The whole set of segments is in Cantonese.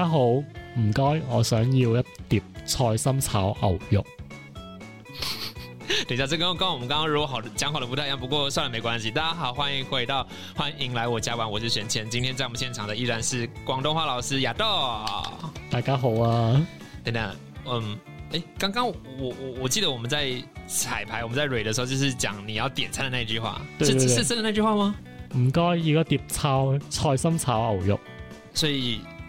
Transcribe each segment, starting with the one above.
大家好，唔該，我想要一碟菜心炒牛肉。等一下，這剛剛我們剛剛羅好講好的不太一樣，不過算了，沒關係。大家好，歡迎回到，歡迎來我家玩，我是玄謙。今天在我們現場的依然是廣東話老師亞豆。大家好啊！等等，嗯，誒、欸，剛剛我我我記得我們在彩排，我們在 read 的時候，就是講你要點餐的那句話，對對對。是是真的那句話嗎？唔該，要個碟炒菜心炒牛肉。所以。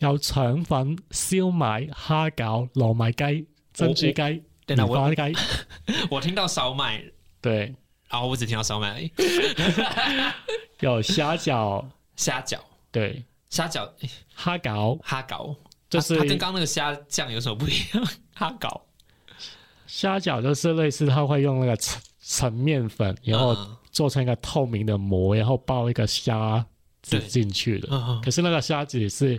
有腸粉、燒賣、蝦餃、糯米雞、珍珠雞、蛋撻雞。我聽到燒賣，對，啊，我只聽到燒賣。 有蝦餃，蝦餃餃，對，蝦餃、蝦餃、蝦餃，就是。它跟剛剛那個蝦醬有什麼不一樣？蝦餃，蝦餃就是類似，他會用那個澄澄麵粉，然後做成一個透明的膜，然後包一個蝦子進去的。嗯、可是那個蝦子是。